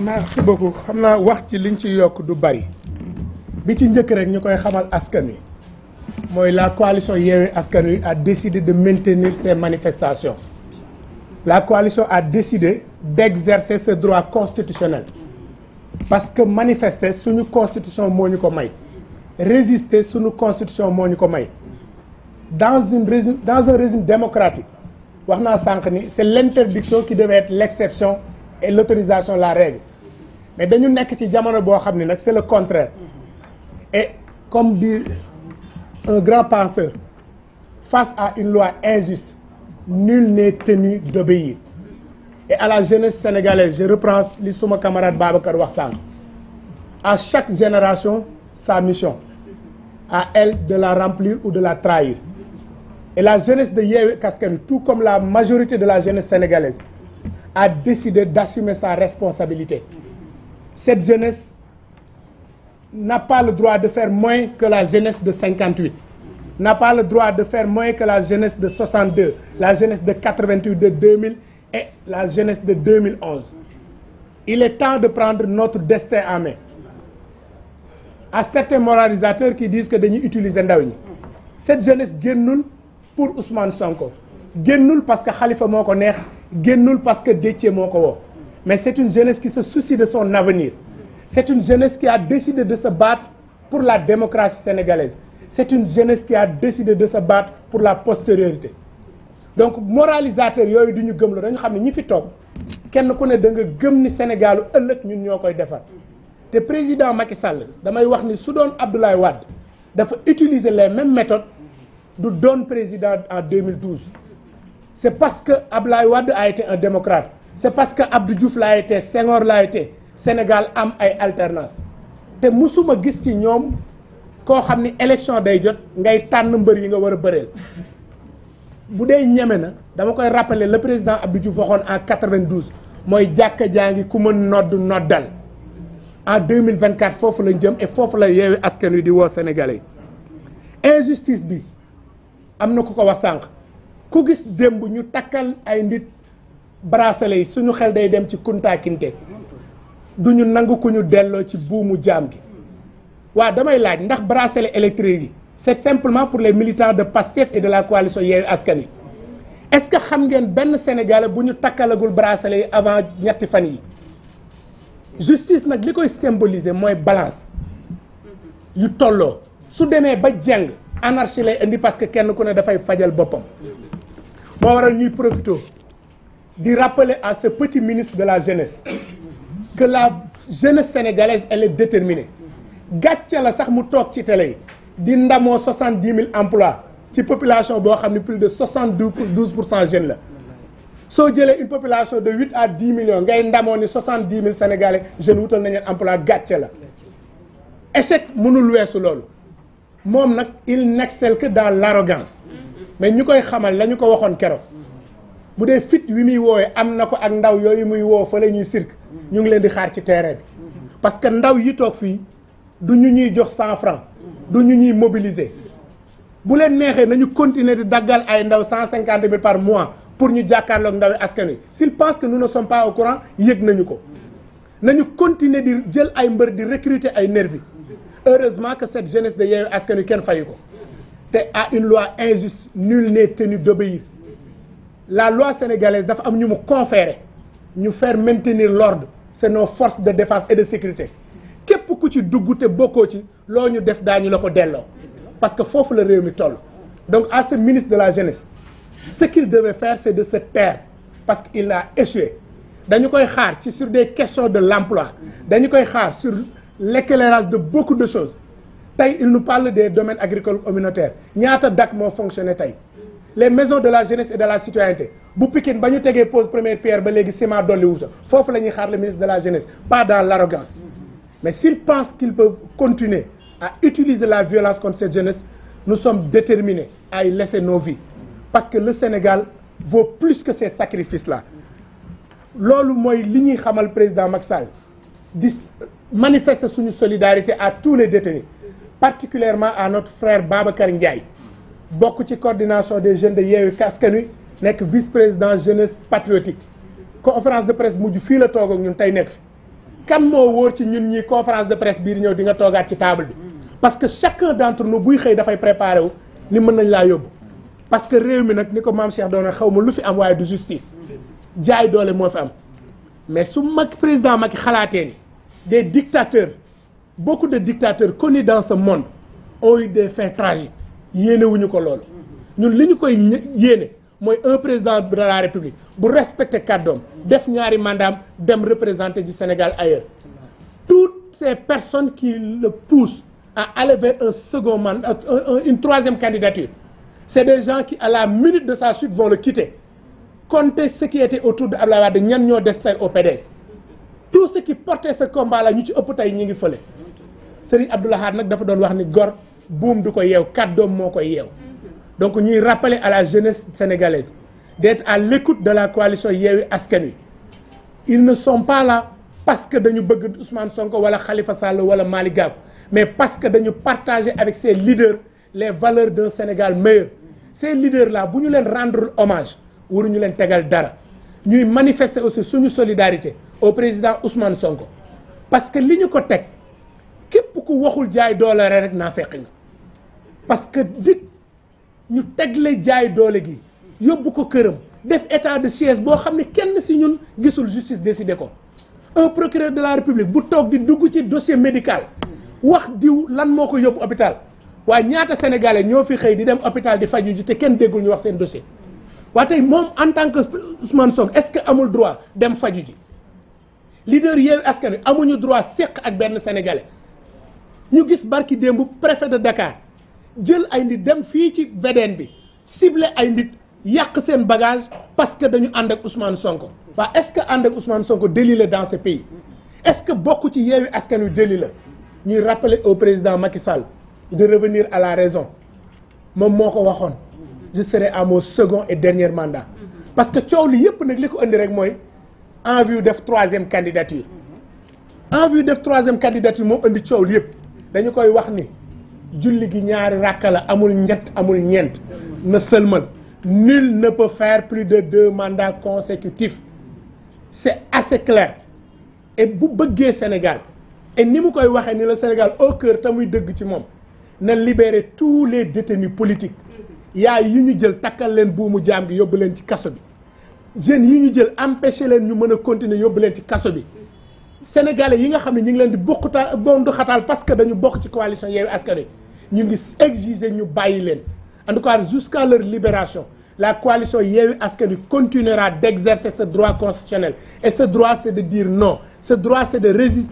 merci beaucoup xam naa wax ci liñ ci yokk du bari bi ci njëkk rek ñu koy xamal askan wi mooy la coalition Yewwi Askan Wi a décidé de maintenir ces manifestations la coalition a décidé d'exercer ce droit constitutionnel parce que manifester suñu constitution moo ñu ko may résister suñu constitution moo ñu ko may dans une régime dans un régime démocratique wax naa sànq ni c'est l'interdiction ki devait être l'exception et l'autorisation la règle mais dañu nekk ci jamono boo xam ni nag c'est le contraire et comme dit un grand penseur face à une loi injuste nul n'est tenu d'obéir et à la jeunesse sénégalaise je reprends li suma camarade Babacar wax sànq à chaque génération sa mission à elle de la remplir ou de la trahir et la jeunesse de Yewwi Askan tout comme la majorité de la jeunesse sénégalaise a décidé d'assumer sa responsabilité. Cette jeunesse n'a pas le droit de faire moins que la de 58, n'a pas le de faire moins que la jeunesse de 62, la jeunesse de 88, de et la jeunesse de 2011. Il est temps de prendre notre destin en main. À certains moralisateurs qui disent dañuy utiliser ndaw ñi cette jeunesse génnul pour Ousmane Sonko. génnul parce que Khalifa moo ko neex génnul parce que Déthié moo ko woo mais c'est une jeunesse qui se soucie de son avenir c'est une jeunesse qui a décidé de sa baat pour la démocratie sénégalaise c'est une jeunesse qui a décidé de sa baat pour la postériorité donc moralisateur yooyu du ñu gëm la dañu xam ne ñi fi toog kenn ku ne da nga gëm ni Sénégalu ëllëg ñun ñoo koy defar te président Macky Sall damay wax ni su doon Abdoulaye Wade dafa utiliser les mêmes méthodes du doon président en 2012 c'est parce que Ablaye Wade a été un démocrate c'est parce que Abdou Diouf l'a été Senghor l'a été Sénégal am ay alternance te mësuma gis ci ñoom koo xam ni élection day jot ngay tànn mbër yi nga war a bëreel bu dee ñeme na dama koy rappeler le président Abdou Diouf waxoon en 92 mooy jàkka jaa ngi ku mën nodd noddal en 2024 foofu lañ jëm et foofu la yeewi askan wi di woo sénégalais injustice bi am na ku ko wax sànq. ku gis démb ñu takkal ay nit bracelet yi suñu xel day dem ci Kunta duñu du ñu nangu ku delloo ci buumu jaam gi waa damay laaj ndax bracelet électrique yi c'est simplement pour les militants de PASTEF et de la coalition Yewwi Askan Wi est-ce que xam ngeen benn sénégalais bu ñu takkalagul bracelet yi avant ñetti fan yi justice nag li koy symboliser mooy balance yu tolloo su demee ba jeng anarchie lay indi parce que kenn ku ne dafay fajal boppam moo waral ñuy profité di rappeler à ce petit ministre de la jeunesse que la jeunesse sénégalaise elle est déterminée gàcce la sax mu toog ci tele yi di ndamoo soixante dix mille emploi ci population boo xam ne plus de soixante douze pour cent jeunes la soo jëlee une population de huit à dix millions ngay ndamoo ni soixante dix mille sénégalais jeunes wutal nañu emploi gàcce la échec mënul weesu loolu moom nag il n'excelle que dans l'arrogance mais ñu koy xamal la ñu ko waxoon kero bu dee fit wi muy woowee am na ko ak ndaw yooyu muy woo fa la ñuy cirque ñu ngi leen di xaar ci terrain bi parce que ndaw yi toog fii du ñu ñuy jox cent franc du ñu ñuy mobiliser bu leen neexee nañu continuer di daggal ay ndaw cent cinquante mille par mois pour ñu jàkkaarloog ndawi askan wi s'ils pensent que nous ne sommes pas au courant yëg nañu ko nañu continuer di jël ay mbër di recruter ay nervi heureusement que cette jeunesse de Askan Wi kenn fayu ko te à une loi injuste nul n'est tenu d'obéir la loi sénégalaise dafa am ñu mu conféré ñu faire maintenir l'ordre c'est nos forces de défense et de sécurité képp ku ci dugg te bokkoo ci loo ñu def daañu la ko delloo parce que foofu la réew mi toll donc à ce ministre de la jeunesse ce qu'il devait faire c'est de se taire parce que il a échoué dañu koy xaar ci sur des questions de l'emploi dañu koy xaar sur l'éclairage de beaucoup de choses tey il nous parle des domaines agricoles communautaires ñaata dak moo fonctionné tey les maisons de la jeunesse et de la citoyenneté bu Pikine ba ñu tegee pose première pierre ba léegi ciment dolli wuta foofu la ñuy xaar le ministre de la jeunesse pas dans l'arrogance mais s'ils pensent qu'ils peuvent continuer à utiliser la violence contre cette jeunesse nous sommes déterminés à y laisser nos vies parce que le Sénégal vaut plus que ces sacrifices-là loolu mooy li ñuy xamal président Macky Sall di manifester suñu solidarité à tous les détenus particulièrement à notre frère Babacar Ndiaye bokk ci coordination des jeunes de Yewwi Askan Wi nekk vice-président jeunesse patriotique conférence de presse mujj fii la toog ñun tey nekk fi kan moo wóor ci ñun ñi conférence de presse bii ñëw di nga toogaat ci table bi parce que chacun d'entre nous buy xëy dafay préparé wu ni mën nañ laa yóbbu parce que réew mi nag ni ko maam Cheikh doona xaw ma lu fi am waaye du justice jaay doole moo fi am mais su mag président Macky xalaatee des dictateurs beaucoup de dictateurs connus dans ce monde ont eu des fins tragiques yéene ko loolu ñun li ñu koy yéene mooy un président de la république bu respecter kàddoom def ñaari mandaam dem représenter du Sénégal ailleurs toutes ces personnes qui le poussent à aller vers un second mandat euh, une troisième candidature c'est des gens qui à la minute de sa chute vont le quitter comptez ce qui était autour de Abdoulaye de ñan ñoo des tey au PDS tout ce qui portait ce combat ñu ci ëpp tey ñi ngi fële Serigne Abdou Lahad nag dafa doon wax ni gor buum du ko yeew kàddoom moo koy yeew donc ñuy rappeler à la jeunesse sénégalaise d'être à l'écoute de la coalition Yewwi Askan Wi ils ne sont pas parce que dañu bëgg Ousmane Sonko wala Khalifa Sall wala Malick Gakou mais parce que dañu partager avec ces leaders les valeurs d'un Sénégal meilleur ces leaders la bu ñu leen rendre hommage waruñu leen tegal dara ñuy manifester aussi suñu solidarité au président Ousmane Sonko parce que li ñu ko teg képp ko waxul jaay doole rek naa fekk nga parce que dig ñu tegle jaay doole gi yóbbu ko këram def état de siège boo xam ne kenn si ñun gisul justice décidé ko un procureur de la république bu toog di dugg ci dossier médical wax diw lan moo ko yóbbu hôpital waaye ñaata sénégalais ñoo fi xëy di dem hôpital di faju ji te kenn déggul ñu wax seen dossier waa tey moom en tant que Ousmane Sonko est-ce que amul droit dem faju ji leader Yewwi Askan Wi amuñu droit seq ak benn sénégalais ñu gis barki démb préfet de Dakar jël ay nit dem fii ci VDN bi sible ay nit yàq seen bagage parce que dañu ànd ak Ousmane Sonko waa est-ce que ànd ak Ousmane Sonko délit la dans ce pays est-ce que bokk ci yeewi askan wi délit la ñuy rappeler au président Macky Sall de revenir à la raison moom moo ko waxoon je serai à mon second et dernier mandat parce que coow li yëpp nag li ko indi rek mooy en vue def troisième candidature en vue def troisième candidature moo indi coow yëpp dañu koy wax ni julli gi ñaari ràkka la amul ñett amul ñeent na sëlmal nul ne peut faire plus de deux mandats consécutifs c'est assez clair et bu bëggee Sénégal et ni mu koy waxee ni la Sénégal au cœur te muy dëgg ci moom na libérer tous les détenus politiques yaay yu ñu jël takkal leen buumu jaam gi yóbbu leen ci kaso bi jeunes yu ñu jël empêcher leen ñu mën a continuer yóbbu leen ci kaso bi sénégalais yi nga xam ne ñu ngi leen di bokkuta bondu xataal parce que dañu bokk ci coalition Yewwi Askan ñu ngi exiger ñu bàyyi leen en tout cas jusqu'à leur libération la coalition Yewwi Askan Wi continuera d'exercer ce droit constitutionnel et ce droit c'est de dire non ce droit c'est de résister